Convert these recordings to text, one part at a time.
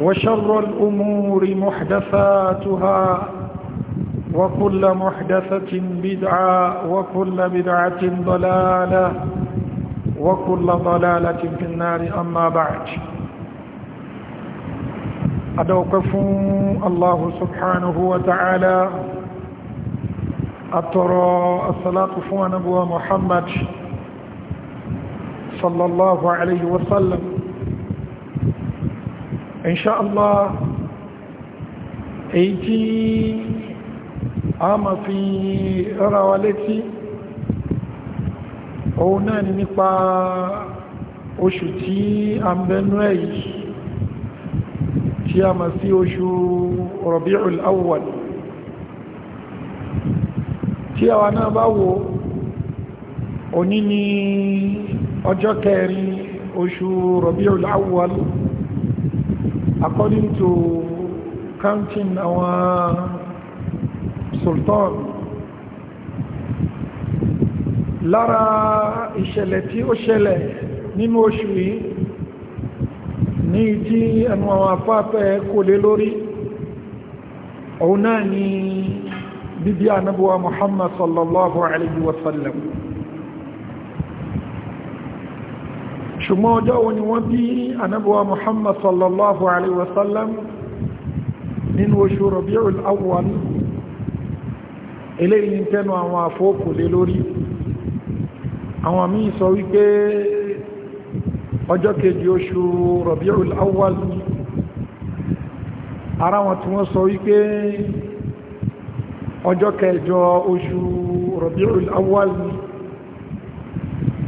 وشر الأمور محدثاتها وكل محدثة بدعة وكل بدعة ضلالة وكل ضلالة في النار أما بعد أدوقف الله سبحانه وتعالى أترى الصلاة فوى أبو محمد صلى الله عليه وسلم inṣáàlá èyí tí a ma fi rárá wa létí òun náà ni nípa oṣù tí a ń bẹnu ẹ̀yí tí a ma sí oṣù Rabi'ul Awwal tí àwa náà bá wo òní ni ọjọ́ kẹrin oṣù Rabi'ul Awwal according to counting our sultan lára ìṣẹ̀lẹ̀ tí ó ṣẹlẹ̀ nínú oṣù yìí ní tí ẹnu àwọn afáfẹ́ kò lé lórí òun náà ni bíbí ànábúwa muhammad sallallahu alaihi wasallam ṣùgbọ́n ọjọ́ wo ni wọ́n bí anábọ̀wá muhammad sallallahu alaihi wasallam nínú oṣù rabi'ul awwal eléyìí ń tẹnu àwọn àfókù lé lórí àwọn míì sọ wípé ọjọ́ kejì oṣù rabi'ul awwal ara wọn tí wọ́n sọ wípé ọjọ́ kẹjọ oṣù rabi'ul awwal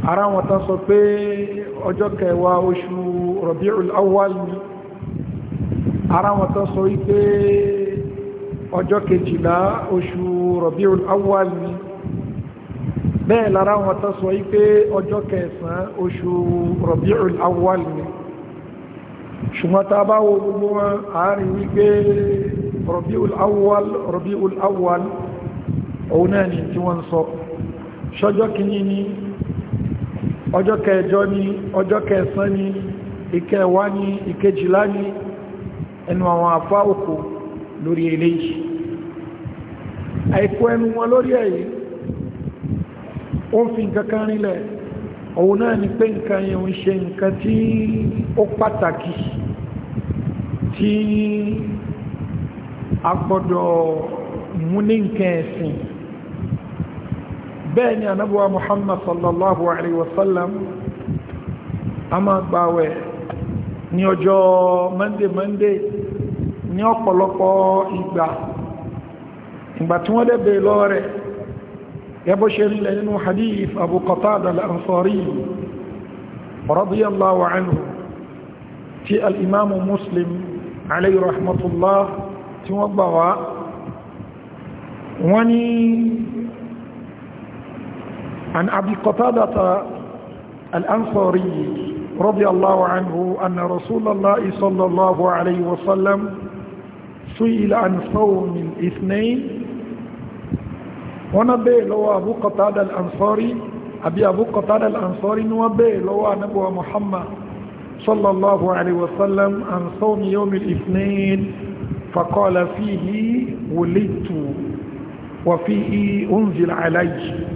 ara wọn tán sọ pé ọjọ́ kẹwàá oṣù Rabi'ul Awwal ni ara wọn tán sọ wípé ọjọ́ kejìlá oṣù Rabi'ul Awwal ni bẹ́ẹ̀ lára wọn tán sọ wípé ọjọ́ kẹsàn-án oṣù Rabi'ul Awwal ṣùgbọ́n tá bá wo gbogbo wọn àárín wípé Rabi'ul Awwal òun náà ni tí wọ́n sọ ṣọjọ́ kìíní ọjọ́ kẹjọ ni ọjọ́ kẹsàn ni ìkẹwà ni ìkejìlá ni ẹnu àwọn àfá òkú lórí eléyìí àìkú ẹnu wọn lórí èyí ó fi nǹkan kan rinlẹ̀ òun náà ni pé nǹkan yẹn ṣe nǹkan tí ó pàtàkì tí a mú ní nǹkan ẹ̀sìn bẹ́ẹ̀ ni anábúwa muhammad sallallahu alaihi wasallam a máa gbàwẹ̀ ní ọjọ́ monday monday ní ọ̀pọ̀lọpọ̀ ìgbà ìgbà tí wọ́n dẹ̀bẹ̀ lọ rẹ̀ yẹbó ṣe rí nínú hadith abu qatada al-ansari radiyallahu anhu tí al muslim alayhi rahmatullah tí wọ́n gbà wá عن أبي قتادة الأنصاري رضي الله عنه أن رسول الله صلى الله عليه وسلم سئل عن صوم الاثنين ونبي لو أبو قتادة الأنصاري أبي أبو قتادة الأنصاري نبي لو نبو محمد صلى الله عليه وسلم عن صوم يوم الاثنين فقال فيه ولدت وفيه أنزل عليه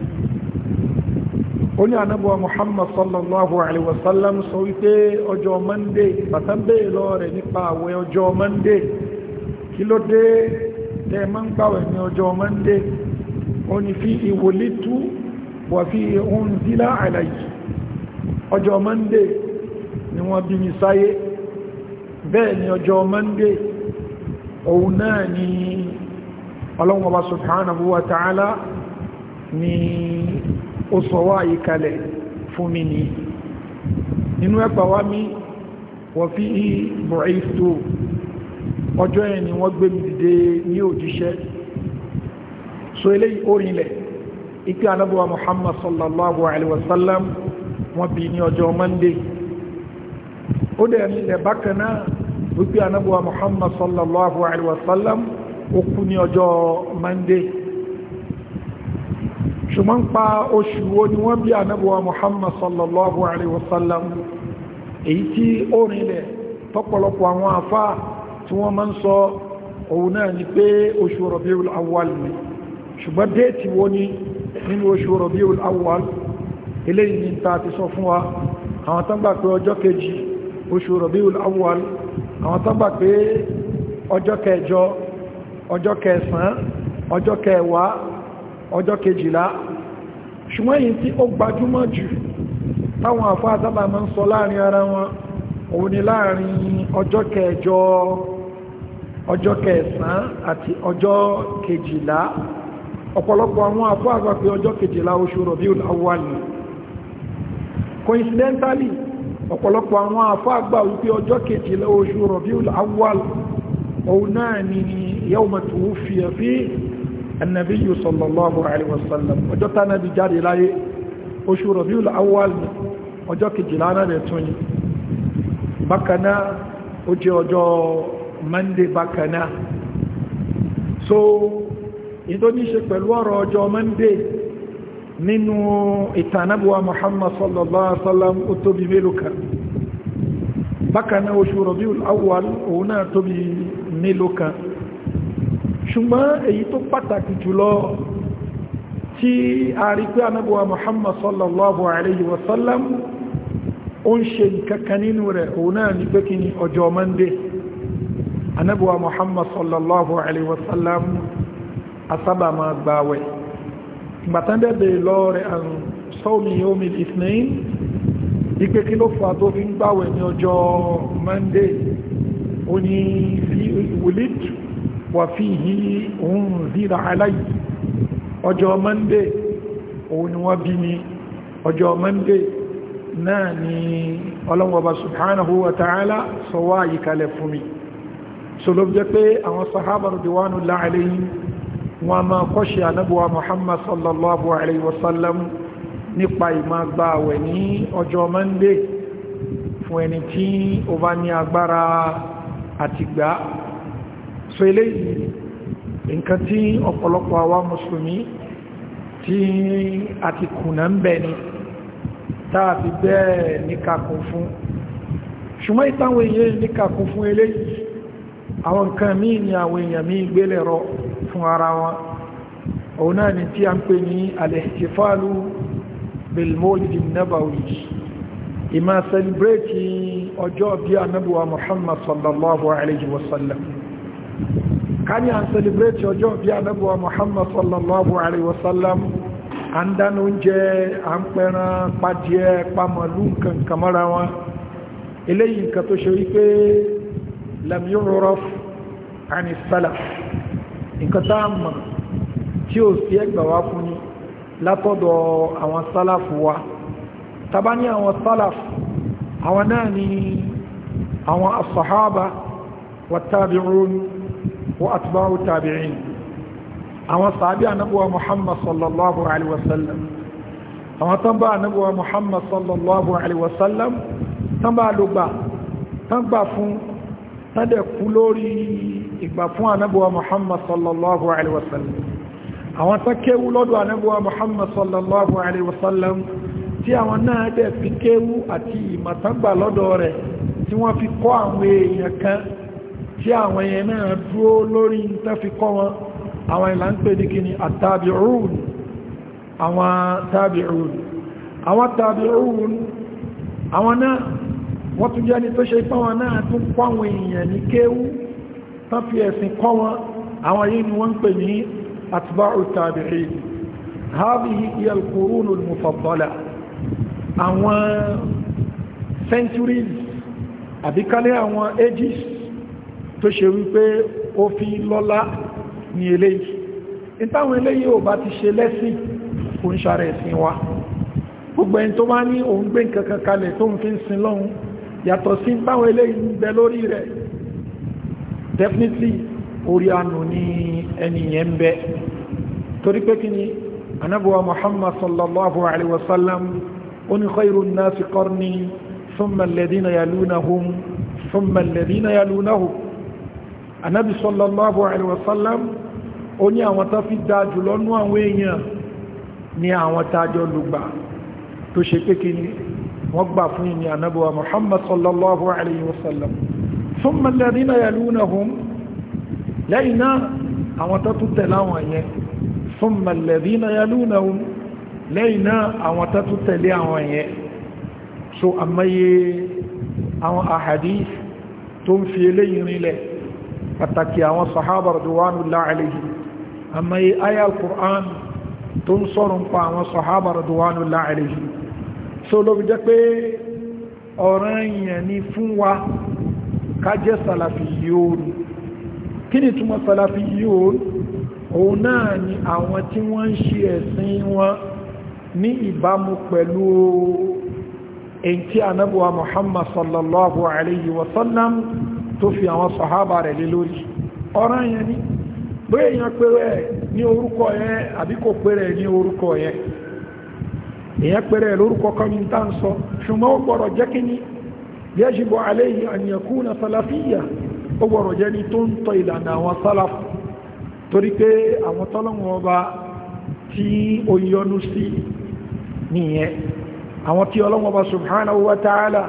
ó ní anábọ̀ muhammad sallallahu alaihi wasallam sọ wípé ọjọ́ monday bàtàbẹ̀ lọ rẹ̀ nípa àwẹ̀ ọjọ́ monday kí ló dé tẹ́ máa ń gbàwẹ̀ ní ọjọ́ monday ó ní fi ìwòlítú wà fi unzila alayhi ọjọ́ monday ni wọ́n bí mi sáyé bẹ́ẹ̀ ni ọjọ́ monday òun náà ni ọlọ́wọ́ba ni ó sọ wá àyíkalẹ̀ fún mi ní nínú ẹgbà wá mi wọ́n fi bu'ithtu ọjọ́ yẹn ni wọ́n gbé mi dìde ní òjíṣẹ́ so eléyìí ó rinlẹ̀ ikú anábọ̀wá Muhammad sallallahu alaihi wasallam wọ́n bí ní ọjọ́ Monday ó dẹ̀ nílẹ̀ bákan náà wípé anábọ̀wá Muhammad sallallahu alaihi wasallam ó kú ní ọjọ́ Monday ṣùgbọ́n pa oṣù wo ni wọ́n bí anábọ̀wà Muhammad sallallahu alaihi wasallam èyí tí ó rinlẹ̀ tọ́pọ̀lọpọ̀ àwọn afá tí wọ́n máa ń sọ òun náà ni pé oṣù Rabiul Awwal ni ṣùgbọ́n déètì wo ni nínú oṣù Rabiul Awwal eléyìí ta ti sọ fún wa àwọn tán pé ọjọ́ kejì oṣù Rabiul Awwal àwọn tán pé ọjọ́ kẹjọ ọjọ́ kẹsàn-án ọjọ́ kẹwàá ọjọ́ kejìlá ṣùgbọ́n èyí tí ó gbajúmọ̀ jù táwọn àfáà sábà máa ń sọ láàrin ara wọn òun ni láàrin ọjọ́ kẹjọ ọjọ́ kẹsàn-án àti ọjọ́ kejìlá ọ̀pọ̀lọpọ̀ àwọn àfáà gbà pé ọjọ́ kejìlá oṣù Rabiul Awwal coincidentally ọ̀pọ̀lọpọ̀ àwọn àfáà gbà wípé ọjọ́ kejìlá oṣù Rabiul Awwal òun náà ni yawma tuwuffiya fihi النبي صلى الله عليه وسلم وجدت نبي جاري لاي oṣù rọ̀bíul awal ọjọ́ kejìlá rẹ̀ tún yìí bákaná ó jẹ́ ọjọ́ monday bákaná so ìdó ní ṣe pẹ̀lú ọ̀rọ̀ ọjọ́ monday nínú ìtànàbíwa muhammad sallallahu alaihi wasallam ó tóbi mélòó kan bákaná oṣù rọ̀bíul awal òun náà tóbi mélòó kan ṣùgbọ́n èyí tó pàtàkì jùlọ tí a rí pé anábọ̀wà Muhammad sallallahu alayhi wa sallam ó ń ṣe kankan nínú rẹ̀ òun náà ní pé kí ni ọjọ́ Monday anábọ̀wà Muhammad sallallahu alayhi wa sallam asábà máa gbàwẹ̀ ìgbàtán bẹ̀bẹ̀ lọ rẹ̀ àrùn sọ́ọ̀mì yomi ìsìnlẹ̀ ìpé kí ló fà tó fi ń gbàwẹ̀ ní ọjọ́ Monday ó ní wùlítù wàfíhì òun zira aláyì ọjọ́ monday òun ni wọ́n bí ní ọjọ́ monday náà ni ọlọ́wọ́ba subhanahu wa ta'ala sọwọ́ àyíkalẹ̀ fún mi so ló jẹ́ pé àwọn sahaba rọ̀díwánu láàrin wọn ma kọ́ṣe anábuwa muhammad sallallahu alaihi wasallam nípa ìmàgbà àwẹ̀ ní ọjọ́ monday fún ẹni tí ó bá ní agbára àtìgbà so eléyìí nǹkan tí ọ̀pọ̀lọpọ̀ àwa mùsùlùmí tí a ti kùnà ń bẹ ni táà fi bẹ́ẹ̀ níkàkùn fún ṣùgbọ́n ìtàwọn èèyàn níkàkùn fún eléyìí àwọn nǹkan míì ni àwọn èèyàn míì gbélẹ̀rọ fún ara wọn òun náà ni tí a ń pè ní alẹ́sìfàálù bilmolid nabawi ìmá sẹlẹ̀bẹ̀rẹ̀tì ọjọ́ bí anábùwà muhammad sallallahu alayhi wa sallam ká ní à ń celebrate ọjọ́ bí anábọ̀wá Muhammad sallallahu alayhi wa sallam à ń dáná oúnjẹ à ń pẹran padìẹ pamọ̀lú nǹkan kàmọ́ra wọn eléyìí nǹkan tó ṣe wípé lam yu'raf ani salaf nǹkan tá a mọ̀ tí ó sí ẹgbà wá fún ní látọ̀dọ̀ àwọn sálàfù wa tàbá ní àwọn sálàfù àwọn náà ni àwọn asahaba wa tabi'un wa atba'u tabi'in àwọn sàábí anábúwa muhammad sallallahu alaihi wasallam àwọn tán bá anábúwa muhammad sallallahu alaihi wasallam tán bá ló gbà tán gbà fún tán dẹ̀ kú lórí ìgbà fún anábúwa muhammad sallallahu alaihi wasallam àwọn tán kéwú lọ́dọ̀ anábúwa muhammad sallallahu alaihi wasallam tí àwọn náà dẹ̀ fi kéwú àti ìmọ̀tán gbà lọ́dọ̀ rẹ̀ tí wọ́n fi kọ́ àwọn èèyàn kan tí àwọn yẹn náà dúró lórí tẹ́fikọ́ wọn àwọn ìlà ń pè ní kí ni àtàbíhùn àwọn tàbíhùn àwọn tàbíhùn àwọn náà wọ́n tún jẹ́ ní tó ṣe ipá wọn náà tún kọ́ àwọn èèyàn ní kéwú tán fi ẹ̀sìn kọ́ wọn àwọn yìí ni tó ṣe wípé ó fi lọ́lá ní eléyìí ìtàwọn eléyìí ò bá ti ṣe lẹ́sìn kò ń ṣàrẹ̀ ẹ̀sìn wa gbogbo ẹni tó bá ní òun gbé nǹkankan kalẹ̀ tó ń fi ń sin lọ́hun yàtọ̀ sí táwọn eléyìí ń bẹ lórí rẹ̀ definitely orí ànù ní ẹniyàn ń bẹ torí pé kí ni anábọ̀wà muhammad sallallahu alaihi wasallam ó ní khairu nasi qarni thumma alladhina yalunahum thumma alladhina yalunahum anábì sallallahu alaihi wasallam ó ní àwọn tó fi dáa jùlọ nú àwọn èèyàn ní àwọn tájọ lùgbà tó ṣe pé kí ni wọ́n gbà fún ìní anábì wa muhammad sallallahu alaihi wasallam thumma tó ń fi eléyìn rinlẹ̀ pàtàkì àwọn sahaba radwanullahi alayhim àmọ́ yí ayá al-Qur'an tó ń sọ̀rọ̀ ń pa àwọn sahaba radwanullahi alayhim so ló fi jẹ́ pé ọ̀ràn yẹn ni fún wa ká jẹ́ salafiyun kí ni túmọ̀ salafiyun òun náà ni àwọn tí wọ́n ń ṣe ẹ̀sìn wọn ní ìbámu pẹ̀lú èyí tí Muhammad sallallahu alayhi wa sallam tó fi àwọn sàhábà rẹ̀ lé lórí ọ̀ràn yẹn ni bí èèyàn péré ẹ̀ ní orúkọ yẹn àbí kò péré ẹ̀ ní orúkọ yẹn èèyàn péré ẹ̀ lórúkọ kọ́míntà ń sọ ṣùgbọ́n ó gbọ́dọ̀ jẹ́ kí ni yajibu alayhi an yakuna salafiyya ó gbọ́dọ̀ jẹ́ ní tó ń tọ ìlànà àwọn sálàf torí pé àwọn tọ́lọ́wọ́n ọba tí ó yọ́nú sí nìyẹn àwọn tí ọlọ́wọ́n ọba subhanahu wa ta'ala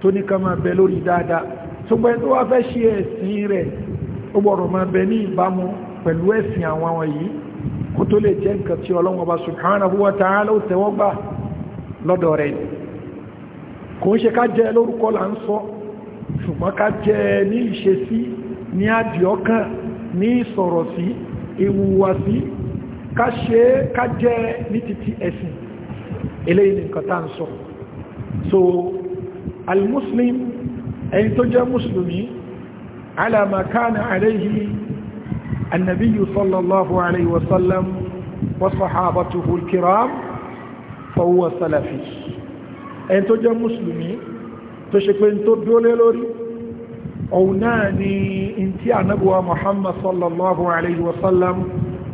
tó ní ká máa bẹ lórí dáadáa ṣùgbọ́n ẹni tó wá fẹ́ ṣe ẹ̀sìn rẹ̀ ó gbọ́dọ̀ máa bẹ ní ìbámu pẹ̀lú ẹ̀sìn àwọn àwọn yìí kó tó lè jẹ́ nǹkan tí Ọlọ́run Ọba subhanahu wa ta'ala ó tẹ́wọ́gbà lọ́dọ̀ rẹ̀ kò ń ṣe ká jẹ́ lórúkọ là ń sọ ṣùgbọ́n ká jẹ́ ní ìṣesí ní àdìọ́kàn ní ìsọ̀rọ̀ sí ìwùwà sí ká ṣe ká jẹ́ ní títí ẹ̀sìn eléyìí nǹkan tá ń sọ so al-muslim ẹni tó jẹ́ mùsùlùmí ala ma kana alayhi annabiyyu sallallahu alayhi wa sallam wa sahabatuhu al-kiram fa huwa salafi ẹni tó jẹ́ mùsùlùmí tó ṣe pé tó dólé lórí òun náà ni in tí ànábùwa muhammad sallallahu alayhi wa sallam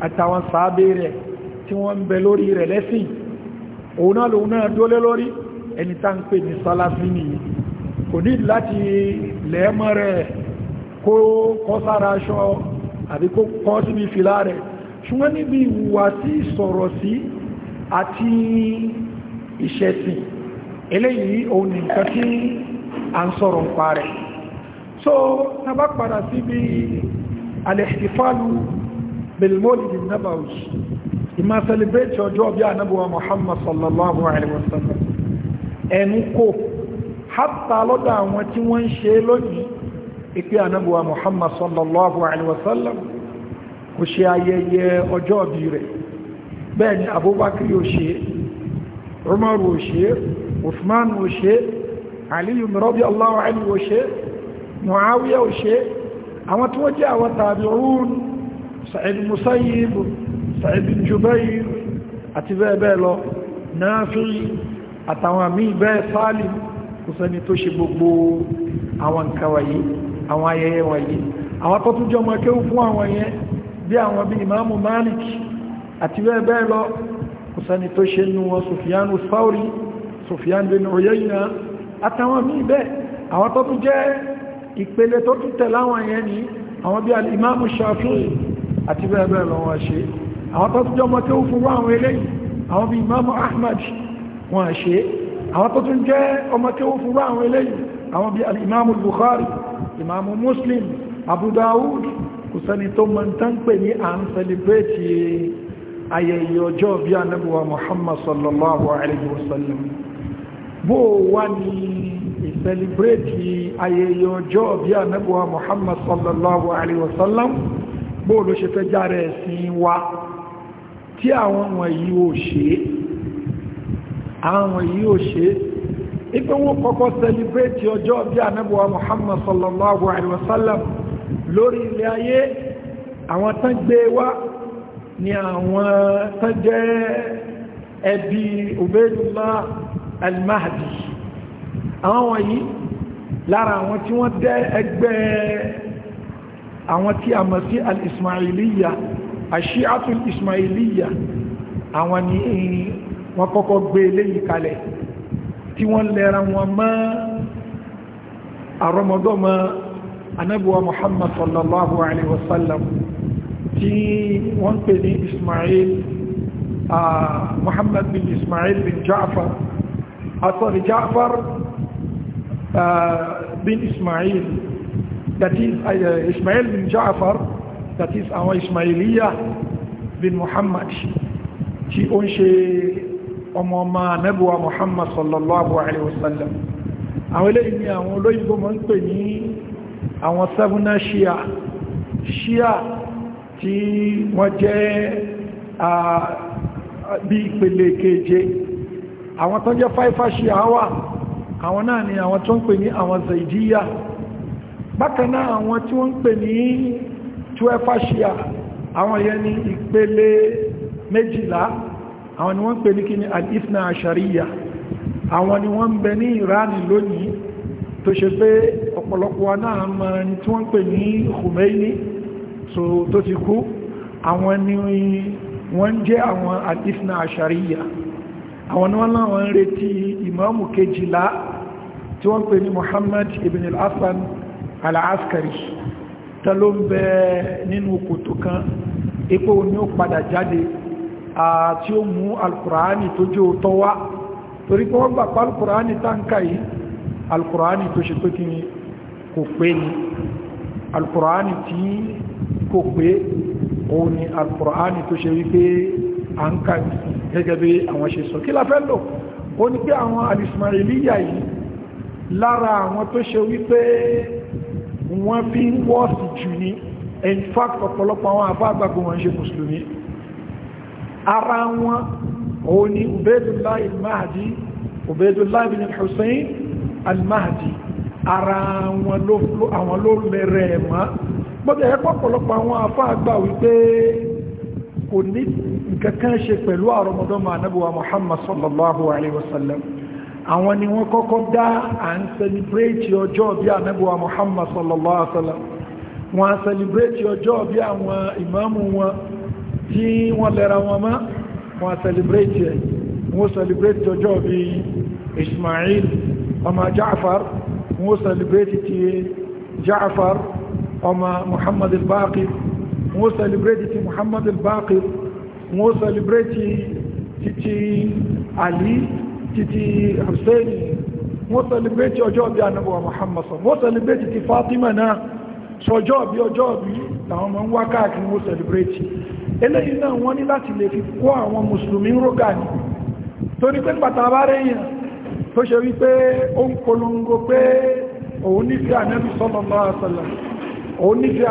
àtàwọn sàábé rẹ̀ tí wọ́n ń bẹ lórí rẹ̀ lẹ́sìn òun lórí ẹni tá ń pè ní salafi nìyí kò ní láti lẹ́ẹ̀mọ́ rẹ̀ kó kọ́ sára aṣọ àbí kó kọ́ síbi fìlà rẹ̀ ṣùgbọ́n níbi ìwà sí sọ̀rọ̀ sí àti ìṣẹ̀sìn eléyìí òun nìkan tí a ń sọ̀rọ̀ pa rẹ̀ so na bá padà síbi alẹ́sìfàlù belmolid nabawi ìmá celebrate ọjọ́ bí anábúwa muhammad sallallahu alaihi wasallam ẹnu kò hatta lọ́dọ̀ àwọn tí wọ́n ń ṣe lónìí ìpé ànábùwà muhammad sallallahu alaihi wasallam kò ṣe ayẹyẹ ọjọ́ bí rẹ̀ bẹ́ẹ̀ ni abubakar ò ṣe umar ò ṣe usman ò ṣe aliyu mirabi allahu alaihi ò ṣe muawiya ò ṣe àwọn tí wọ́n jẹ́ àwọn tabi'un sa'id musayyib sa'id jubayr àti bẹ́ẹ̀ bẹ́ẹ̀ lọ nafi àtàwọn míì bẹ́ẹ̀ salim kò sẹ́ni tó ṣe gbogbo àwọn nǹkan wọ̀nyí àwọn ayẹyẹ wọ̀nyí àwọn tó tún jọmọ kéwù fún àwọn yẹn bí àwọn bí ìmáàmù Malik àti bẹ́ẹ̀ bẹ́ẹ̀ lọ kò sẹ́ni tó ṣe nù wọn Sufyanu Thawri Sufyan bin Uyayna àtàwọn míì bẹ́ẹ̀ àwọn tó tún ìpele tó tún tẹ̀lé àwọn yẹn ni àwọn bí al Shafi'i àti bẹ́ẹ̀ bẹ́ẹ̀ lọ wọ́n ṣe àwọn tó tún jọmọ fún àwọn eléyìí àwọn bí ìmáàmù Ahmad wọ́n ṣe àwọn tó tún jẹ́ ọmọ tí ó fún àwọn eléyìí àwọn bí alìmáàmù Bukhari ìmáàmù Muslim Abu Dawud kò sẹ́ni tó mọ́ tán pè ní à ń sẹlẹ̀bẹ̀tì ayẹyẹ ọjọ́ bí anábúwa Muhammad sallallahu alayhi wa sallam bó wá ní ìsẹlẹ̀bẹ̀tì ayẹyẹ ọjọ́ bí anábúwa Muhammad sallallahu alayhi wa bó ló ṣe fẹ́ járe ẹ̀sìn wa tí àwọn wọ̀nyí ò ṣe é àwọn yìí ò ṣe ipé wọ́n kọ́kọ́ sẹlẹ̀bẹ̀tì ọjọ́ bí anábọ̀wà Muhammad sallallahu alaihi wasallam lórí ilẹ̀ ayé àwọn tán gbé wá ni àwọn tán jẹ́ ẹbí Ubaydullah al-Mahdi àwọn wọ̀nyí lára àwọn tí wọ́n dẹ́ ẹgbẹ́ àwọn tí a mọ̀ sí al-Ismailiyya al àwọn ni wọ́n kọ́kọ́ gbé eléyìí kalẹ̀ tí wọ́n lẹ́ra wọn mọ́ àrọmọdọ́mọ anábíwa muhammad sallallahu alaihi wasallam tí wọ́n pè ní ismail muhammad bin ismail bin ja'far àtọ́rí ja'far bin ismail that is uh, ismail bin ja'far that is àwọn ismailiyya bin muhammad tí ó ń ṣe ọmọ ọmọ anẹ́bùwa Muhammad sallallahu alaihi wasallam àwọn eléyìí ni àwọn olóyìnbó mọ́ ń pè ní àwọn sẹ́fúnná ṣíà ṣíà tí wọ́n jẹ́ bí ìpele keje àwọn tó jẹ́ fáifá ṣíà wà àwọn náà ni àwọn tó ń pè ní àwọn zaidiyya bákanáà àwọn tí wọ́n ń pè ní tuefa ṣíà àwọn yẹn ni ìpele méjìlá àwọn ni wọ́n pè ní kí ní al-ifna àwọn ni wọ́n ń bẹ ní Iran lónìí tó ṣe pé ọ̀pọ̀lọpọ̀ wa náà mọ̀ ní tí wọ́n pè ní Khomeini so tó ti kú àwọn ni wọ́n jẹ́ àwọn al-ifna ashariya àwọn ni wọ́n láwọn retí ìmáàmù kejìlá tí wọ́n pè ní Muhammad ibn al-Hasan al-Askari tẹ́ló ń bẹ nínú kòtò kan ipò ní ó padà jáde àti ó mú alkùránì tó jẹ́ òótọ́ wá torí pé wọ́n gbà pa alkùránì táǹkà yìí alkùránì tó ṣe pé kí ni kò pé ni alkùránì tí kò pé òun ni alkùránì tó ṣe wípé à ń kà gẹ́gẹ́ bí àwọn ṣe sọ kí la fẹ́ lò ó ní pé àwọn alìsmailíyà yìí lára àwọn tó ṣe wípé wọ́n fi ń wọ́ọ̀sì jù ní in fact ọ̀pọ̀lọpọ̀ àwọn àbá àgbàgbọ́ wọn ṣe mùsùlùmí ara wọn òun ni Ubaydullah al-Mahdi Ubaydullah ibn Hussein al-Mahdi ara àwọn ló lẹ́rẹ̀ wọn gbọ́dẹ̀ ẹ̀pọ̀ pọ̀lọpọ̀ àwọn afá àgbà wípé kò ní nǹkankan ṣe pẹ̀lú àrọmọdọ́mà anábíwa Muhammad sallallahu alaihi wasallam àwọn ni wọ́n kọ́kọ́ dá à ń celebrate ọjọ́ bí anábíwa Muhammad sallallahu alaihi wasallam wọ́n celebrate ọjọ́ bí àwọn ìmáàmù wọn tí wọ́n lẹ́ra wọn mọ́ wọ́n celebrate ẹ̀ wọ́n celebrate ọjọ́ bí Ismail ọmọ Ja'far wọ́n celebrate ti Ja'far ọmọ Muhammad al-Baqir wọ́n celebrate ti Muhammad al-Baqir wọ́n celebrate titi Ali titi Hussein wọ́n celebrate ọjọ́ bí anábọ̀wà Muhammad wọ́n celebrate ti eléyìí náà wọ́n ní láti lè fi kó àwọn mùsùlùmí rógà ní torí pé pàtà bá rẹ̀yìn tó ṣe wípé ó ń polongo pé òun nífẹ̀ẹ́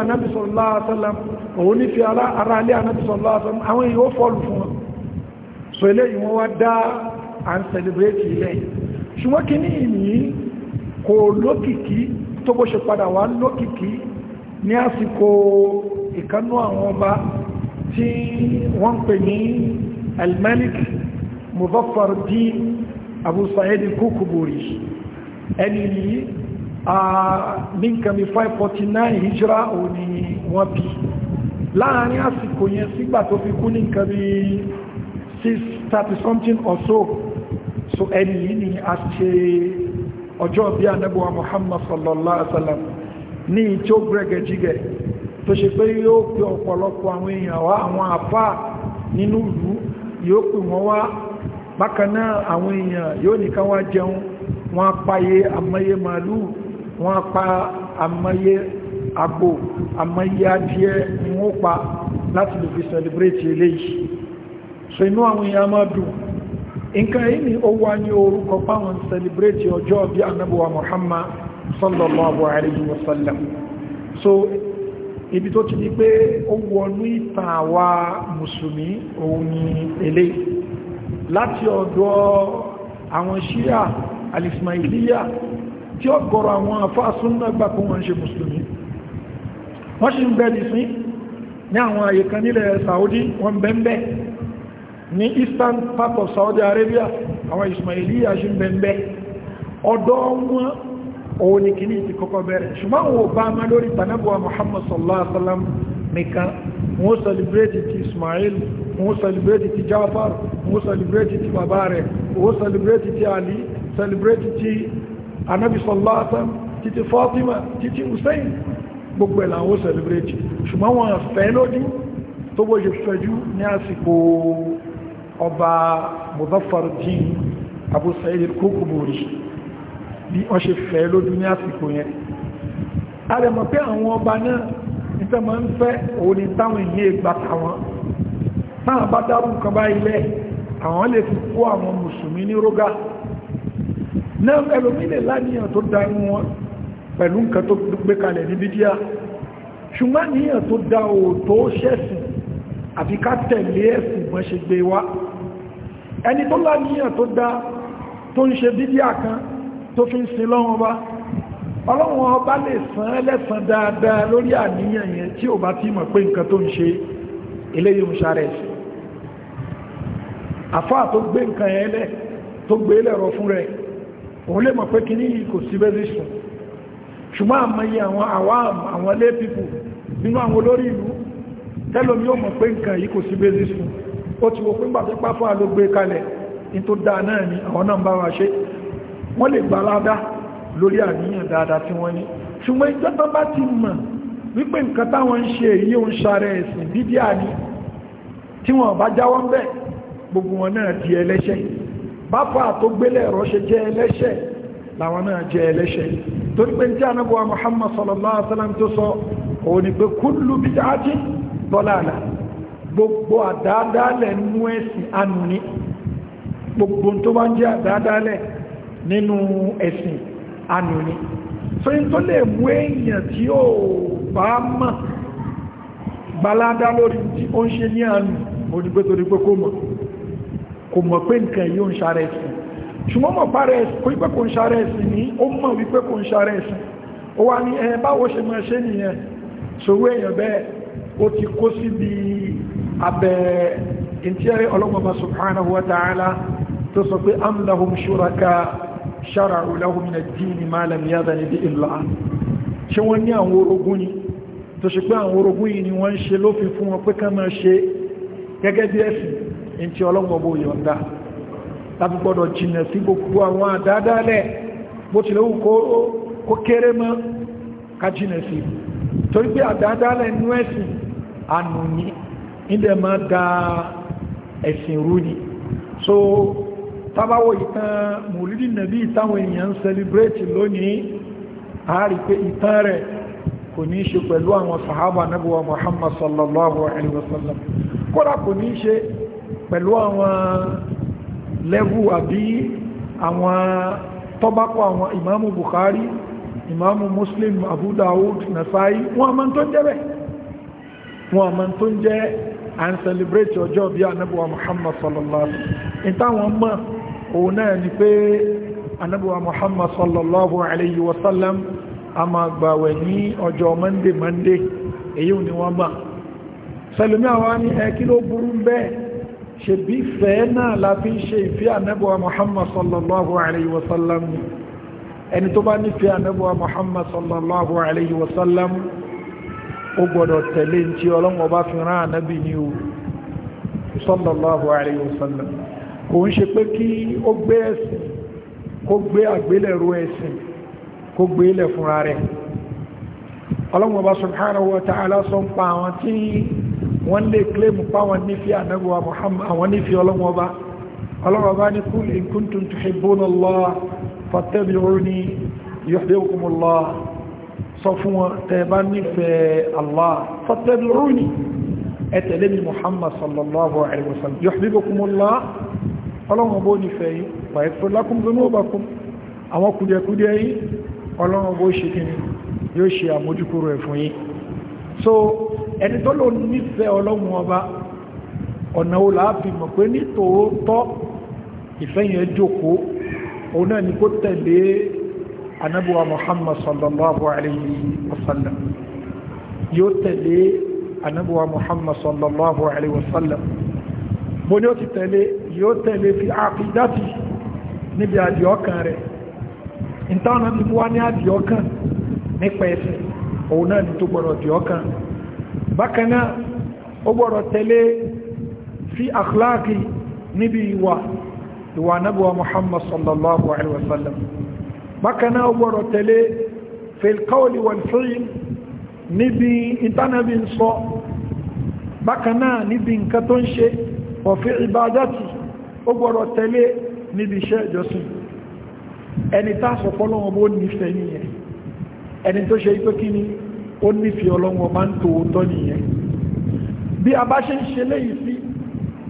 ànábì sallallahu alaihi so eléyìí wọ́n wá celebrate ilẹ̀ ṣùgbọ́n kí ní ìní kò lókìkí tó bó ṣe padà wá tí wọ́n pè ní al-malik muzaffar di abu sa'id al-kukuburi ẹni yìí ní nǹkan bí 549 hijira ò ní wọ́n bí láàrin àsìkò yẹn sígbà tó fi kú ní 630 something or so so ẹni yìí ni a ṣe ọjọ́ bí anábọ̀wà muhammad sallallahu alaihi wasallam ní tí ó tó ṣe pé yóò pè ọ̀pọ̀lọpọ̀ àwọn èèyàn wá àwọn àfá nínú ìlú yóò pè wọ́n wá bákanáà àwọn èèyàn yóò nìkan wá jẹun wọ́n apáyé àmọye màálù wọ́n apá àmọye àgbò àmọye adìẹ ni wọ́n pa láti lè fi celebrate eléyìí so inú àwọn èèyàn máa dùn nǹkan yìí ni ó wá ní orúkọ báwọn celebrate ọjọ́ bí anábọ̀wà Muhammad sallallahu alayhi wa sallam so ibi tó ti di pé ó wọnú ìtàn àwa mùsùlùmí òun ni èlé láti ọ̀dọ̀ àwọn ṣíyà alìsmaìlíyà tí ó gọ̀rọ̀ àwọn afásúnnà gbà kún wọn ṣe mùsùlùmí wọ́n sì ń bẹ ní sí ní àwọn àyè kan nílẹ̀ Saudi wọ́n bẹ́ẹ̀ ní eastern part of Saudi Arabia àwọn ismailiya ṣe bẹ́ẹ̀ ọ̀dọ̀ wọn òun ni kìíní ti kọ́kọ́ bẹ̀rẹ̀ ṣùgbọ́n wo bá má lórí tanabuwa muhammad sallallahu alaihi wasallam nìkan wọ́n sọlìbírẹ́tì ti ismail wọ́n sọlìbírẹ́tì ti jafar wọ́n sọlìbírẹ́tì ti bàbá rẹ̀ wọ́n sọlìbírẹ́tì ti ali sọlìbírẹ́tì ti anabi sallallahu alaihi wasallam títí fatima títí hussein gbogbo ẹ̀là wọ́n sọlìbírẹ́tì ṣùgbọ́n wọn fẹ́ lójú tó bó ṣe fẹ́jú ní àsìkò ọba muzaffar jin bí wọ́n ṣe fẹ́ lójú ní àsìkò yẹn a lè mọ̀ pé àwọn ọba náà nítorí máa ń fẹ́ òun ni táwọn èèyàn ìgbà tàwọn táwọn bá dárú nǹkan bá ilẹ̀ àwọn lè fi kó àwọn mùsùlùmí ní rógá náà ẹlòmí lè láníyàn tó dánú wọn pẹ̀lú nǹkan tó gbé kalẹ̀ ní bídíà ṣùgbọ́n níyàn tó dá o tó ṣẹ̀sìn àfi ká tẹ̀lé ẹ̀sìn bọ́n ṣe gbé wá ẹni tó láníyàn tó dá tó ń ṣe bídíà kan tó fi ń sin lọ́wọ́ bá ọlọ́run ọba lè san ẹlẹ́sàn dáadáa lórí àníyàn yẹn tí ò bá ti mọ̀ pé nǹkan tó ń ṣe eléyìí ṣàrẹ̀ sí àfáà tó gbé nǹkan yẹn lẹ̀ tó gbé lẹ̀rọ fún rẹ̀ òun lè mọ̀ pé kí ní kò sí bẹ́ẹ̀ sùn ṣùgbọ́n àwọn àwọn lay people nínú àwọn olórí ìlú tẹ́lómi ó mọ̀ pé nǹkan yìí kò sí bẹ́ẹ̀ sùn ó ti wo pé ń wa ṣe wọ́n lè gbà ládá lórí àníyàn dáadáa tí wọ́n ní ṣùgbọ́n ìjọ tán bá ti mọ̀ wípé nǹkan táwọn ń ṣe èyí ò ń ṣàrẹ ẹ̀sìn dídí àní tí wọ́n bá jáwọ́ ń bẹ̀ gbogbo wọn náà di ẹlẹ́ṣẹ̀ báfà tó gbélé ẹ̀rọ ṣe jẹ́ ẹlẹ́ṣẹ̀ làwọn náà jẹ́ ẹlẹ́ṣẹ̀ torí pé tí anábọ̀wá Muhammad sallallahu alaihi wasallam tó sọ òun ni pé kullu bid'atin dalalah gbogbo àdáadáalẹ̀ nú ẹ̀sìn anù ní gbogbo tó nínú ẹ̀sìn anìní so in tó lè mú èèyàn tí ó bá mọ̀ gbalada lórí tí ó ń ṣe ní àánú onígbé torí pé kó mọ̀ kò mọ̀ pé nǹkan yíó ń ṣàrẹ̀ ẹ̀sìn ṣùgbọ́n mọ̀ pàrẹ̀ ẹ̀sìn kó wípé kò ń ṣàrẹ̀ ẹ̀sìn ní ó mọ̀ wípé kò ń ṣàrẹ̀ ẹ̀sìn ó wá ní ẹ báwo ṣe mọ̀ ṣe nìyẹn ṣòwò èèyàn bẹ́ẹ̀ ó ti kó síbi abẹ́ ìntí ọlọ́mọba subhanahu wa ta'ala tó sọ pé amlahum shuraka ṣáraru lahu min ad-din ma lam yadhan bihi Allah ṣe wọ́n ní àwọn orogún ni tó ṣe pé àwọn orogún yìí ni wọ́n ń ṣe lófin fún wọn pé ká máa ṣe gẹ́gẹ́ bí ẹ̀sìn in ti ọlọ́wọ́ bó yọ̀ǹda láti gbọ́dọ̀ jìnà sí gbogbo àwọn àdádálẹ̀ bó tilẹ̀ wù kó kéré mọ́ ká jìnà sí torí pé àdádálẹ̀ inú ẹ̀sìn ànù ní ilẹ̀ máa da ẹ̀sìn rú ni so tábáwò ìtàn mòlúdì nàbí ìtàwọn èèyàn ń sẹlẹ̀bírẹ́tì lónìí àárí pé ìtàn rẹ̀ kò ní ṣe pẹ̀lú àwọn sàhábà nàbíwá Muhammad sallallahu alaihi wasallam kódà kò ní ṣe pẹ̀lú àwọn lẹ́bù àbí àwọn tọ́bákọ̀ àwọn ìmáàmù Bukhari ìmáàmù Muslim Abu daud Nasai wọn a máa tó ń jẹ́ bẹ́ẹ̀ wọn a máa tó ń jẹ́ à Muhammad sallallahu alaihi wasallam òun náà ni pé anábíwa muhammad sallallahu alayhi wa sallam a ma gbàwẹ̀ ní ọjọ́ monday monday èyí ni wọ́n gbà sẹlẹ̀mí àwọn ní ẹ kí ló burú bẹ́ẹ̀ ṣe bí fẹ́ náà la fi ń ṣe ìfẹ́ anábíwa muhammad sallallahu alayhi wa sallam ẹni tó bá nífẹ́ anábíwa muhammad sallallahu alayhi wa ó gbọ́dọ̀ tẹ̀lé ní tí ọlọ́wọ́ sallallahu alayhi wa kò ń ṣe pé kí ó gbé ẹ̀sìn kó gbé àgbélẹ̀rú ẹ̀sìn kó gbé ilẹ̀ fúnra rẹ̀ ọlọ́mọba subhanahu wa ta'ala sọ ń pa àwọn tí wọ́n lè kílèmù páwọn nífí ànábọ̀wà Muhammad àwọn nífí ọlọ́mọba ọlọ́mọba ní kul in kuntum tuhibbuna Muhammad sallallahu alaihi wasallam yuhibbukumullah ọlọ́run bó nífẹ̀ẹ́ yìí pàẹ́fẹ́ lákúndónú òbákún àwọn kùdẹ̀kùdẹ̀ yìí ọlọ́run bó ṣe kí ni yóò ṣe àmójúkúrò ẹ̀ fún yín so ẹni tó lò nífẹ̀ẹ́ ọlọ́run ọba ọ̀nà wo la fi mọ̀ pé nítòótọ́ ìfẹ́ yẹn jókòó òun náà ni kó tẹ̀lé anábùwà Muhammad sallallahu alayhi wa sallam yóò tẹ̀lé anábùwà Muhammad sallallahu alayhi wa sallam mo ní ó ti tẹ̀lé yóò tẹ̀lé fi àfidátì níbi àdìọ́kàn rẹ̀ ìtànà ti wá ní àdìọ́kàn nípa ẹ̀sìn òun náà ni tó gbọ́rọ̀ àdìọ́kàn bákanáà ó gbọ́rọ̀ tẹ̀lé fi àkláàkì níbi ìwà ìwà nábúwa muhammad sallallahu alaihi wasallam bákanáà ó gbọ́rọ̀ tẹ̀lé fèlkọ́ọ̀lì wàlfíìn níbi ìtànà bí ń sọ níbi nǹkan tó ń ṣe ọ̀fí ìbádátì ó gbọ́rọ̀ tẹ́lé níbi iṣẹ́ ìjọsìn ẹni tá sọpọ́ lọ́wọ́ bó nífẹ̀ẹ́ nìyẹn ẹni tó ṣe ipé kíní ó nífẹ̀ẹ́ ọlọ́wọ́ máa ń tòótọ́ nìyẹn bí a bá ṣe ń ṣe léyìí sí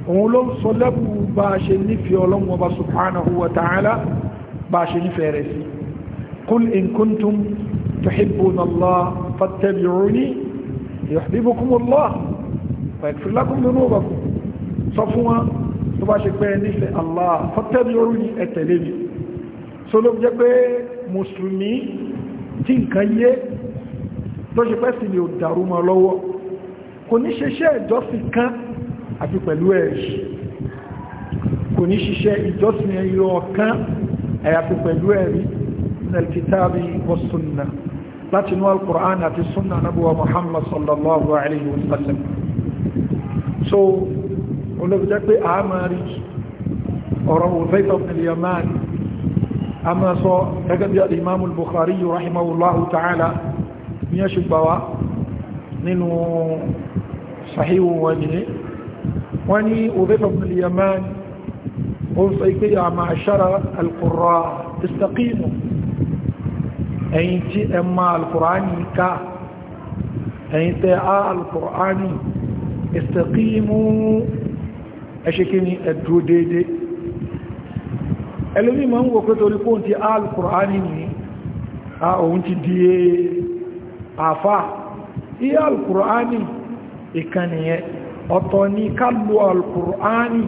òun ló ń sọ lẹ́bù bá a ṣe nífẹ̀ẹ́ ọlọ́wọ́ bá subhanahu wa ta'ala bá a ṣe nífẹ̀ẹ́ rẹ̀ sí qul in kuntum tuhibbuna Allah fattabi'uni yuhibbukum Allah wa yaghfir lakum dhunubakum sọ fún wọn tó bá ṣe pé nífẹ̀ Allah fọ́tẹ́bí orú ní ẹ̀tẹ̀lé mi so ló jẹ́ pé mùsùlùmí tí nǹkan yé tó ṣe pẹ́ sí ni ò dàrú mọ́ lọ́wọ́ kò ní ṣeṣẹ́ ìjọsìn kan àti pẹ̀lú ẹ̀ṣì kò ní ṣiṣẹ́ ìjọsìn ẹyọ kan àyàfi pẹ̀lú ẹ̀rí nalkitabi wa láti inú al àti sunna nabuwa Muhammad sallallahu alaihi wasallam so olóbìjẹ́ pé a máa rí ọ̀rọ̀ òfẹ́fẹ́ ìlẹ̀mán a máa sọ gẹ́gẹ́ bí al-imam al-bukhari rahimahullahu ta'ala ní ẹṣù gbawa nínú sahihu wani wọ́n ní òfẹ́fẹ́ ìlẹ̀mán ó sọ ikpe ya ma'ashara al-qurra istaqimu ẹ̀yin tí ẹ máa al-qur'ani ká ẹ̀yin tẹ́ a al-qur'ani istaqimu ẹṣẹ́ kí ni ẹ̀dúró déédé ẹlòmí ma ń wò pé torí kóhun ti al-Qur'ani ní a òun ti di àfá iye al-Qur'ani ìkànnìyàn ọ̀tọ̀ ní kálù al-Qur'ani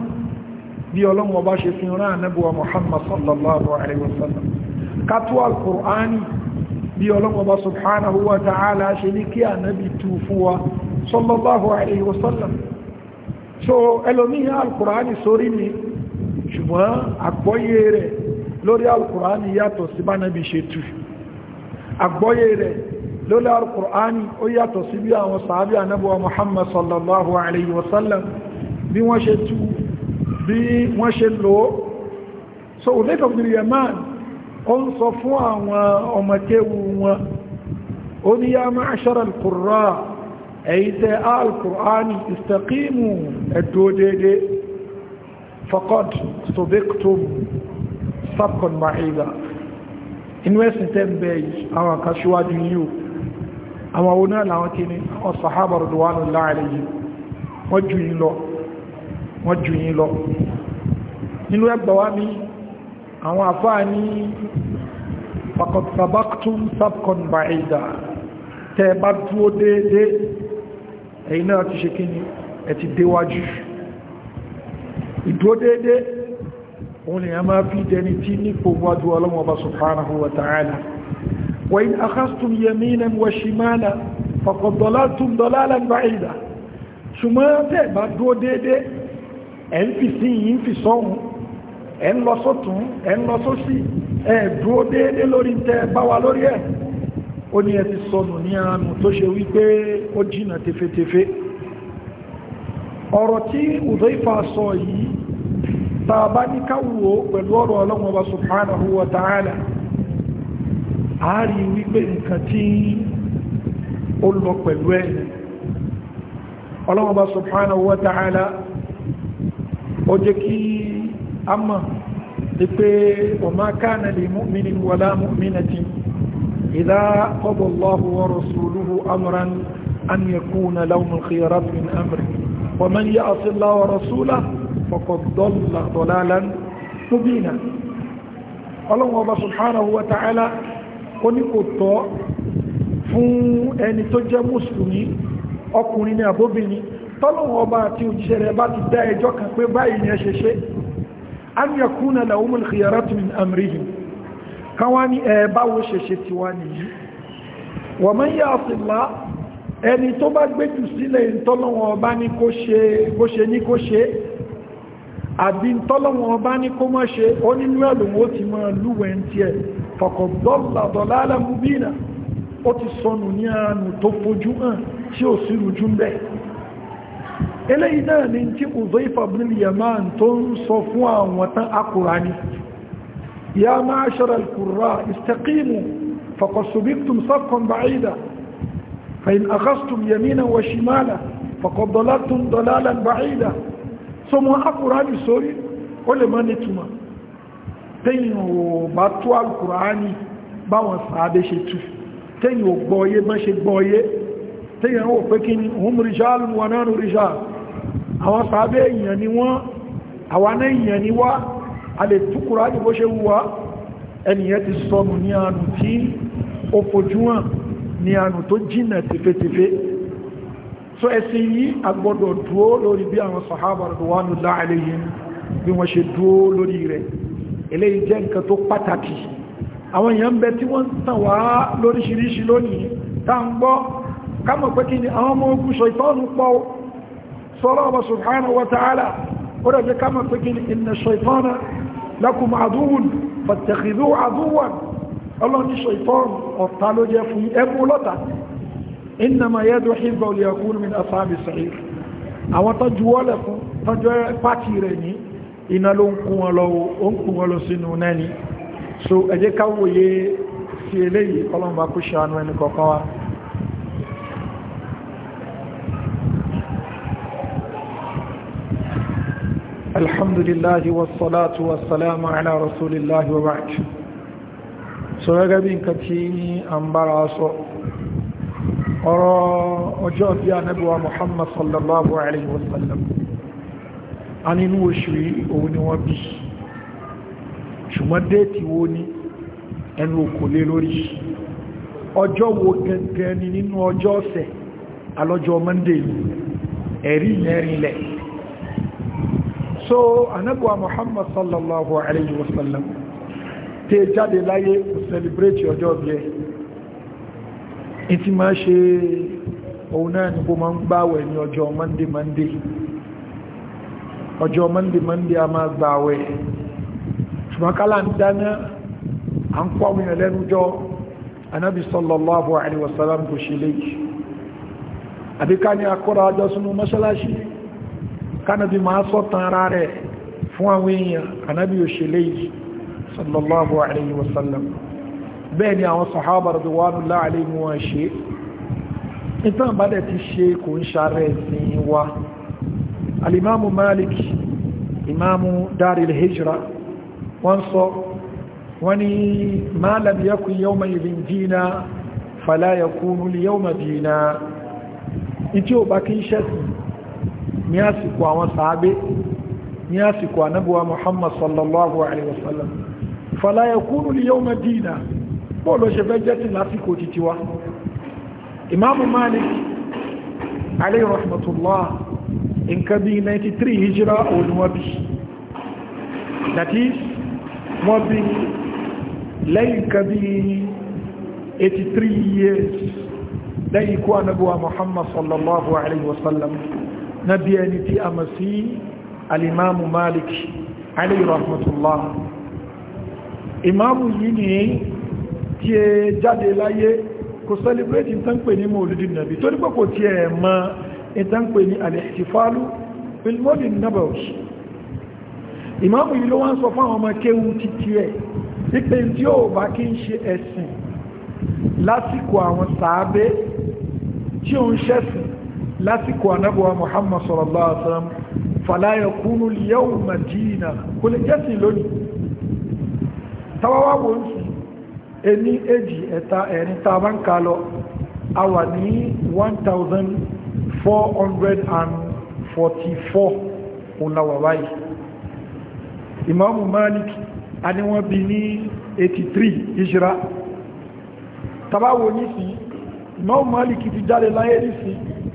bí ọlọ́mọ bá ṣe fi rán ànábùwa Muhammad sallallahu alaihi wasallam so ẹlòmíyàn alkùránì sórí ni ṣùgbọ́n àgbọ́yé rẹ̀ lórí alkùránì yàtọ̀ sí bá nàbí ṣe tù àgbọ́yé rẹ̀ lórí alkùránì ó yàtọ̀ sí bí àwọn sàábí anábọ̀wà muhammad sallallahu alayhi wasallam bí wọ́n ṣe tù bí wọ́n ṣe lò ó so ulẹ́kọ̀ yaman ó ń sọ fún àwọn ọmọkéwu wọn ó ní yá máa ṣára ẹ̀yí tẹ́ al-Qur'ani istaqimu ẹ̀dọ́ dédé faqad sodektum sabqan ma'iza inú ẹ̀sìn tẹ́ ń bẹ̀ yìí àwọn kan ṣíwájú yíò àwọn oná làwọn kí ní àwọn sahaba radwanullahi alayhim wọ́n jù yín lọ tẹ́ bá dúó déédéé ẹ̀yin náà ti ṣe kí ni ẹ ti déwájú ìdúródéédé òun lè yàn máa fi dẹni tí ní gbogbo adú ọlọ́mọba subhanahu wa ta'ala wa in akhastum yaminan wa shimalan faqad dalaltum dalalan ba'ida ó ní ẹ ti sọnù ní àánú tó ṣe wípé ó jìnà tefetefe ọ̀rọ̀ tí Udhayfa sọ yìí ta bá ní káwò pẹ̀lú ọ̀rọ̀ Ọlọ́hun Ọba subhanahu wa ta'ala a rí wípé nǹkan tí ó lọ pẹ̀lú ẹ̀ Ọlọ́hun Ọba subhanahu wa ó jẹ́ kí a mọ̀ wípé wa ma kana li mu'minin wala mu'minatin إذا قضى الله ورسوله أمرا أن يكون لوم الخيارات من أمره ومن يأص الله ورسوله فقد ضل ضلالا مبينا ọlọ́run ọba subhanahu wa ta'ala ó ní kò tọ́ fún ẹni tó jẹ́ mùsùlùmí ọkùnrin ní àbóbìnrin tọ́lọ́run ọba àti òjíṣẹ́ rẹ̀ bá ti dá ẹjọ́ kan pé báyìí ni ẹ ṣe ṣe an yakuna lahumul khiyaratu min amrihim káwọn ní ẹ báwo ṣẹṣẹ ti wá nìyí wọ́n mọ́ yá àfìlá ẹni tó bá gbéjù sílẹ̀ ìtọ́lọ́wọ̀n ọba ní kó ṣe bó ṣe ní kó ṣe àbí ìtọ́lọ́wọ̀n ọba ní kó mọ́ ṣe ó nínú ẹ̀lùn ti mọ́ lúwẹ̀ ń tí ẹ̀ fọ̀kọ̀ ni tí Uzaifa bin Yaman tó ń sọ يا معشر القراء استقيموا فقد سبقتم صفقا بعيدا فإن أخذتم يمينا وشمالا فقد ضللتم ضلالا بعيدا ثم القرآن سوري قل ما نتما تين باتوا القرآن báwọn sàábé ṣe tú tẹ́yìn ò gbọ́ọ̀yé má ṣe gbọ́ọ̀yé tẹ́yìn ò pé kí ní hum rijal wa nanu rijal àwọn a lè tú kùránì bó ṣe wùwá ẹniyẹ ti sọnù ní àánú tí ó fojúwọ́n ní àánú tó jìnà tìfetìfe so ẹ̀sìn yìí agbọ́dọ̀ dúó lórí bí àwọn sahaba radwanullahi alayhim bí wọ́n ṣe dúó lórí rẹ̀ eléyìí jẹ́ nǹkan tó pàtàkì àwọn èèyàn bẹ tí wọ́n tàn wá subhanahu wa ta'ala ó rẹ̀ jẹ́ kámọ̀ pé inna shaytana lakum aduwun fattakhidhu aduwan ọlọ́ni ṣaitan ọ̀tá ló jẹ́ fún ẹmú lọ́ta innama yadu hizba liyakun min asabi sa'ir àwọn tó juwọ́lẹ̀ fún tọ́jọ́ pàtì rẹ̀ ní iná ló ń kún wọn sínú nẹ́ni so ẹjẹ́ káwòye sí eléyìí ọlọ́mà kó الحمد لله والصلاة والسلام على رسول الله وبعد sọ́rọ́gá bí nǹkan tí a ń bára sọ ọ̀rọ̀ ọjọ́ bí a nẹ́bíwa Muhammad sallallahu alaihi wasallam a nínú oṣù òun ni wọ́n bí ṣùgbọ́n déètì wo ní ẹnu òkò lé lórí ọjọ́ wo gẹ́gẹ́ ni nínú ọjọ́ ọ̀sẹ̀ alọ́jọ́ Monday ẹ̀rí mẹ́rin lẹ́yìn so anabuwa muhammad sallallahu alayhi wa sallam tí ẹ jáde láyé kò celebrate ọjọ́ bí ẹ ìtí máa ṣe òun náà ní bó máa ń gbàwẹ̀ ní ọjọ́ monday monday ọjọ́ monday monday a máa gbàwẹ̀ ṣùgbọ́n kálá ń dáná à ń pọ̀ sallallahu alayhi wa sallam kò ṣe léyìí àbíká ní akọ́ra ajọ́sùnú mọ́ṣáláṣí kánàbí máa sọ́tàn ara rẹ̀ fún àwọn èèyàn kánàbí òṣèlé yìí sallallahu alayhi wa sallam bẹ́ẹ̀ ni àwọn sahaba radiyallahu alayhi wa ṣe ìtàn bá dẹ̀ ti ṣe kò ń ṣàrẹ̀ ìsìn wa alimamu malik imamu daril hijra wọ́n sọ wọ́n ni ma lam yakun yawma idhin dina fala yakunu al-yawma dina ìtí ò bá kí ń ṣẹ́sìn ní àsìkò àwọn sàábé ní àsìkò anábíwá muhammad sallallahu alaihi wasallam fala yakunu liyawma dina bọ́ọ̀lù ṣe fẹ́ jẹ́ ti lásìkò títí wa imaamu malik alayhi rahmatullah nǹkan bí 93 hijira olùwọ́bí that is wọ́n bí lẹ́yìn nǹkan bí 83 years lẹ́yìn kú anábíwá muhammad sallallahu alaihi wasallam nabi ẹni tí a mọ̀ sí alimamu malik alayhi rahmatullah imamu yìí ni tí ẹ jáde láyé kò celebrate ìtànpè ní mọ̀lúdí nàbí tó nípa kò tí ẹ mọ́ ìtànpè ní alẹ́sìfálú ilmọ́lì nabawi imamu yìí ló wá ń lásìkò anábọ̀wà Muhammad sallallahu alaihi wasallam fala yakunu al-yawma dina kò lè jẹ́sìn lónìí tàwàwà wọ́n sí ẹni èjì ẹ̀ta ẹ̀rin tàbá ń ká lọ a ní 1444 òlàwà báyìí Imamu Malik a ní bí ní 83 ìṣirá tàbá wọ́n ní sí Imamu Malik ti jáde láyé ní sí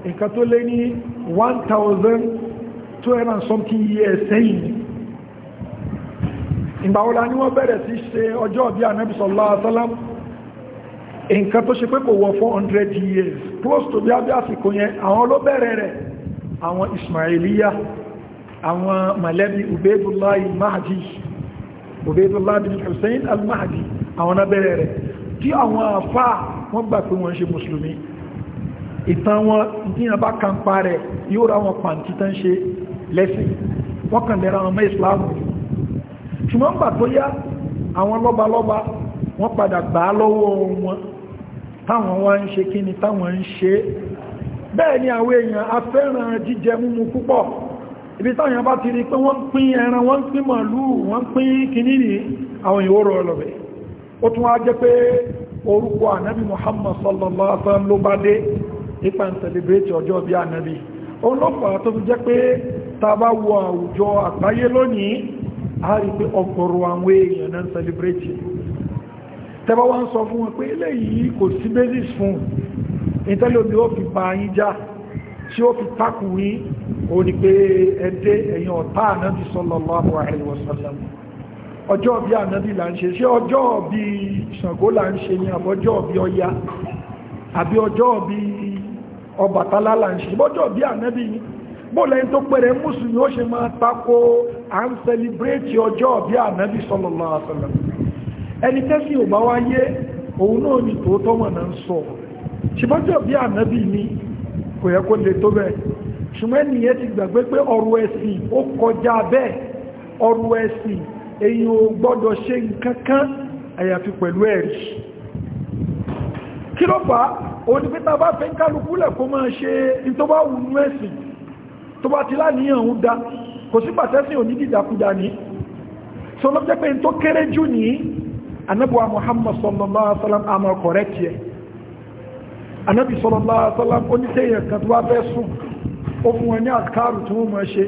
nǹkan tó lé ní 1200 and something years sẹ́yìn ìgbàwọ́lá ni wọ́n bẹ̀rẹ̀ sí ṣe ọjọ́ bí Ànábì sallallahu alaihi wasallam nǹkan tó ṣe pé kò wọ 400 years close to bí abẹ́ àsìkò yẹn àwọn ló bẹ̀rẹ̀ rẹ̀ àwọn Ismailiya àwọn mọ̀lẹ́bí Ubaydullah al-Mahdi Ubaydullah bin Hussein al-Mahdi àwọn náà bẹ̀rẹ̀ rẹ̀ tí àwọn àfáà wọ́n gbà pé wọ́n ṣe mùsùlùmí ìtàn wọn tí wọ́n bá kàn pa rẹ̀ yóò ra wọn pàǹtí tán ṣe lẹ́sìn wọ́n kàn lẹ́ra wọn mọ́ ìsìláàmù ṣùgbọ́n gbà tó yá àwọn lọ́balọ́ba wọ́n padà gbà á lọ́wọ́ wọn táwọn wá ń ṣe kí ni táwọn ń ṣe bẹ́ẹ̀ ni àwọn èèyàn afẹ́ràn jíjẹ múmu púpọ̀ ibi táwọn bá ti rí pé wọ́n pín ẹran wọ́n pín màálù wọ́n pín kìíní ní àwọn èèyàn ọlọ́bẹ̀ ó tún wá jẹ́ pé orúkọ ànábì Muhammad sallallahu alaihi wasallam ló bá dé nípa ń celebrate ọjọ́ bí ànábì òun ló fà tó fi jẹ́ pé ta bá wo àwùjọ àgbáyé lónìí a rí pé ọ̀gọ̀rọ̀ àwọn èèyàn náà ń celebrate tẹ́bá wá ń sọ fún wọn pé eléyìí kò sí basis fún ìtẹ́lómi ó fi bá yín já tí ó fi sallallahu alaihi wasallam ọjọ́ bí ànábì là ń ṣe ṣé ọjọ́ bí Ṣàngó là ń ṣe ni àbọ́jọ́ bí Ọya àbí ọjọ́ bí Ọbàtálá là ń ṣe bọ́jọ́ bí ànẹ́bí yìí bóòlẹ̀ tó pẹ̀rẹ̀ mùsùlùmí ó ṣe máa tako à ń sẹlibrétì ọjọ́ bí ànẹ́bí sallallahu alaihi wasallam ẹni tẹ́sí ò bá wáyé òun náà ni tòótọ́ mọ̀ náà ń sọ ṣùgbọ́jọ́ bí ànẹ́bí ni kò yẹ kó lè tó bẹ́ẹ̀ ṣùgbọ́n ènìyàn ti gbàgbé pé ọ̀rọ̀ ẹ̀sìn ó kọjá bẹ́ẹ̀ ọ̀rọ̀ ẹ̀sìn èyí ò gbọ́dọ̀ ṣe nǹkan kan àyàfi pẹ̀lú ẹ̀rí kí ló fà á onípítà bá fẹ́ kálukú lẹ̀ kó máa ṣe in tó bá wùnú ẹ̀sìn tó bá ti láníyàn ń da kò sí pàtẹ́sìn òní dìdàkudà ní so ló jẹ́ pé in tó kéré jù ní anábíwa Muhammad sallallahu alaihi wasallam àmà kọ̀rẹ́tì ẹ̀ anábí sallallahu alaihi wasallam oníṣẹ́yẹ̀ kan tó bá fẹ́ sùn ó fún wọn ní àkárù tó mọ̀ ṣe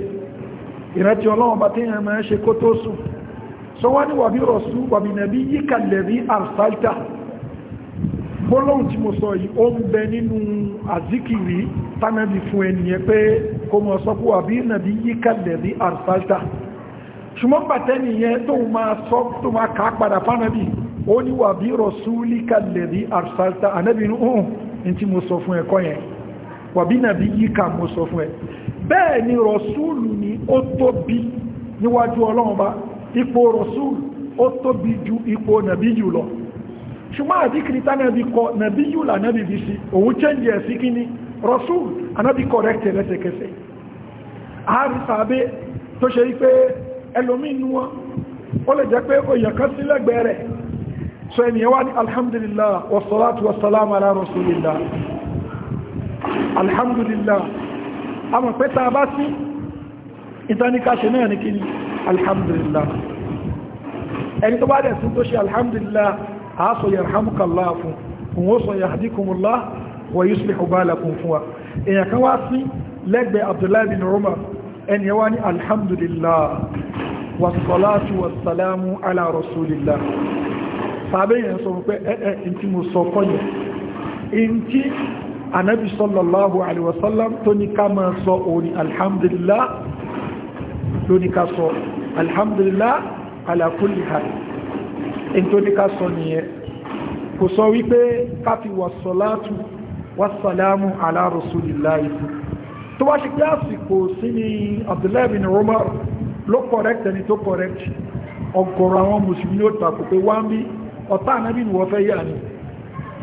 gbólóhùn tí mo sọ yìí ó ń bẹ nínú àzíkìrí tánàbí fún ẹniyẹ pé kó mọ̀ sọ pé àbí nàbí yíkàlẹ̀ bí àrùsáṣà ṣùgbọ́n bàtẹ́ nìyẹn tó máa sọ tó máa kàá padà fánàbí ó ní wà bí rọ̀súlì kàlẹ̀ bí àrùsáṣà ànábì ni rọ̀súlù ni ó tóbi níwájú ju ipò nàbí jù lọ ṣùgbọ́n àdíkìrí tánàbí kọ nàbí yìí lànàbí bí sí òun chẹ́njì ẹ̀ sí kíní rasul anábí kọ̀rẹ́kẹ̀ lẹ́sẹ̀kẹsẹ̀ àárísàbẹ́ tó ṣe rí pé ẹlòmínú wọn ó lè jẹ́ pé òyìn kan sí lẹ́gbẹ̀ẹ́ rẹ̀ so ènìyàn wá ní alhamdulillah wasalatu wasalamu ala rasulillah alhamdulillah a mọ̀ pé ta bá ẹni tó bá dẹ̀ sí tó ṣe alhamdulillah a sọ yarhamukallah fún òun ó sọ yahdikumullah wa yuslihu balakum fún wa èyàn kan wá sí lẹ́gbẹ̀ẹ́ abdullahi bin umar ẹni yẹ wá ní alhamdulillah wasalatu wasalamu ala rasulillah sàbẹ̀yàn sọ wípé ẹ̀ẹ̀ in tí mo sọ kọ́ yẹ in tí anabi sallallahu alaihi wasallam tó ní ká máa sọ alhamdulillah ló ní ká sọ alhamdulillah ala kulli hal nítorí ká sọ nìyẹn kò sọ wípé káfí wàsọ̀látù wàsàlámù ala rasulillahi tó wá ṣe pé àsìkò sí ni Abdullahi bin Umar ló correct ẹni tó correct ọ̀gọ̀rọ̀ àwọn mùsùlùmí ó tako pé wá ń bí ọ̀tá ànábì ni wọ́n fẹ́ yà ní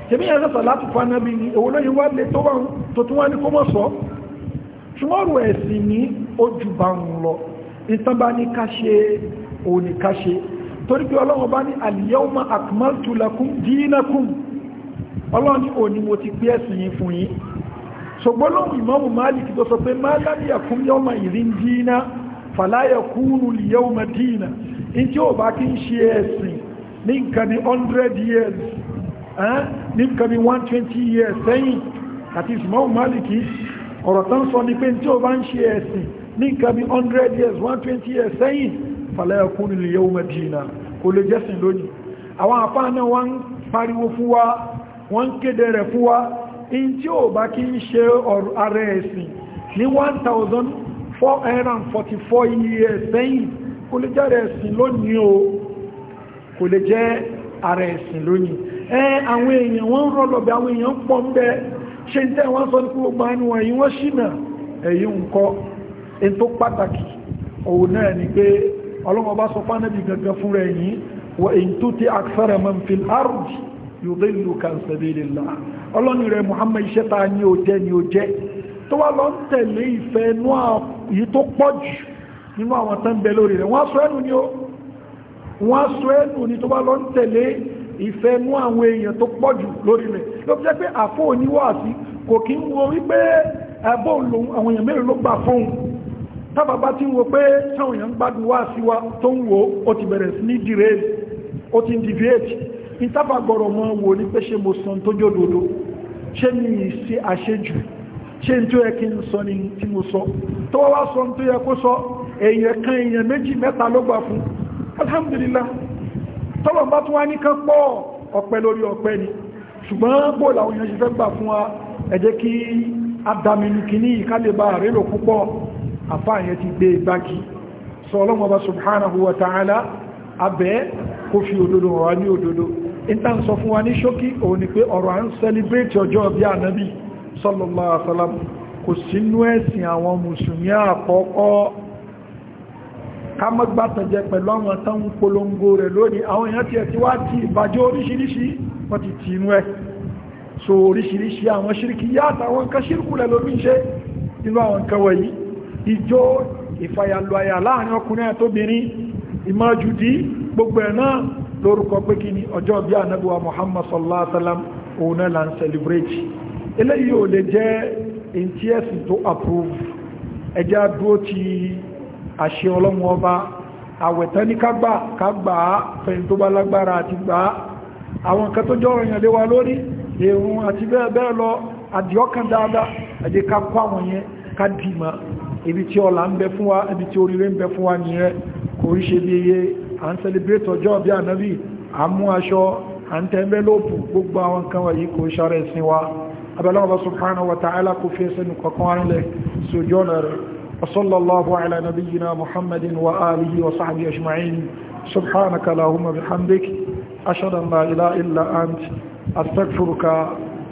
tèmi yẹn sọ̀tọ̀ láti fún ànábì ni èwo lóyìn wá lè tó wọn tó tún wá ní kó mọ̀ sọ ṣùgbọ́n ẹ̀sìn ní ojú bá ń lọ ìtàn bá ní ká ṣe òun ní ká ṣe torí pé ọlọ́run bá ní al-yawma akmaltu lakum dinakum ọlọ́run ní òní mo ti pé ẹ̀sìn yìí fún yín ṣùgbọ́n lóhun Imamu Malik tó sọ pé ma dina fala yakunu al-yawma dina in tí years ní nǹkan ní 120 years sẹ́yìn àti Imamu Malik ọ̀rọ̀ tán sọ ní pé tí ó bá ń ṣe ẹ̀sìn ní nǹkan ní 100 years 120 years sẹ́yìn fàlẹ́ ẹkùn nílé yóò mẹ́dínà kò lè jẹ́sìn lónìí àwọn àfáà náà wọ́n ń pariwo fún wa wọ́n ń kéde rẹ̀ in tí ó bá kí ń ṣe ààrẹ ẹ̀sìn ní 1444 years sẹ́yìn kò lè jẹ́ ààrẹ ẹ̀sìn lónìí o kò lè jẹ́ ààrẹ ẹ̀sìn lónìí ẹ àwọn èèyàn wọ́n ń rọ́lọ̀bẹ̀ àwọn èèyàn pọ̀ ń bẹ ṣe ń tẹ́ wọ́n sọ ní gbogbo àwọn èèyàn wọ́n ṣìnà ẹ̀yìn nǹkan èyí tó pàtàkì òun náà ni pé ọlọ́wọ́ bá sọ fánàbí gangan fún rẹ̀ yìí wa in tuti akthara man fil ard yudilluka an sabilillah ọlọ́ni rẹ̀ Muhammad iṣẹ́ ta ni ó jẹ́ ni ó jẹ́ tó wá lọ ń tẹ̀lé ìfẹ́ inú àyí tó pọ̀ jù nínú àwọn tán bẹ lórí rẹ̀ wọ́n sọ ẹnu ni ó wọ́n sọ ẹnu ni tó tábàbá tí ń wo pé táwọn èèyàn gbádùn wá sí wa tó ń wo ó ti bẹ̀rẹ̀ sí ní dìrẹ́lì ó ti ń dìvíẹ́tì ní tábà gbọ́rọ̀ mọ́ wo ní pé ṣe mo sọ tó jódodo ṣé mi ṣe àṣejù ṣé n tó yẹ sọ ni tí mo sọ tó wá sọ tó yẹ kó sọ èèyàn kan èèyàn méjì mẹ́ta ló gbà fún alhamdulillah tọ́lọ̀ bá tún wá ní kán pọ̀ ọ̀pẹ lórí ọ̀pẹ ni ṣùgbọ́n pò làwọn èèyàn ṣe fẹ́ gbà fún wa ẹ jẹ́ kí adàmìnìkì ní ìkálẹ̀bà rélò púpọ̀ àfáàyẹ ti gbé igbáki sọ ọlọ́mọba subhanahu wa ta'ala abẹ́ kó fi òdodo wà ní òdodo ìta ń sọ fún wa ní ṣókí òun ni pé ọ̀rọ̀ à ń sẹlẹ̀bẹ̀tì ọjọ́ bí ànábì sallallahu alaihi wasallam kò sínú ẹ̀sìn àwọn mùsùlùmí àkọ́kọ́ ká mọ́gbàtànjẹ pẹ̀lú àwọn tán ń polongo rẹ̀ lónìí àwọn èèyàn ti ẹ̀ ti wá ti ìbàjẹ́ oríṣiríṣi wọ́n ti tì inú ìjó ìfàyàlùwàyà láàrin ọkùnrin àtóbìnrin ìmájúdí gbogbo ẹ̀ náà lórúkọ pé kí ni ọjọ́ bí ànábíwá Muhammad sallallahu alaihi wasallam òun náà là ń eléyìí ò lè jẹ́ ìntí tó approve ẹjá dúó ti àṣẹ ọlọ́run ọba àwẹ̀tán ní kágbà kágbà fẹ̀yìn tó bá lágbára àti gbà àwọn nǹkan tó jọ ọ̀yàn lé wa lórí èrùn àti bẹ́ẹ̀ bẹ́ẹ̀ lọ àdìọ́kàn dáadáa àdìkákọ́ àwọn yẹn ká dìímọ̀ ibi tí ọlá ń bẹ fún wa ibi tí oríire ń bẹ fún wa nìyẹn kò rí ṣe bí iye à ń celebrate ọjọ́ bí ànábì à ń mú aṣọ à ń tẹ envelope gbogbo àwọn nǹkan wọ̀nyí kò ṣàrẹ̀ sí wa abẹ́lọ́wọ́ subhanahu wa ta'ala kò fi ẹsẹ̀ nìkọ̀kan rẹ̀ sójú ọ̀nà rẹ̀ وصلى الله على نبينا محمد وآله وصحبه أجمعين سبحانك اللهم بحمدك أشهد أن لا إله إلا أنت أستغفرك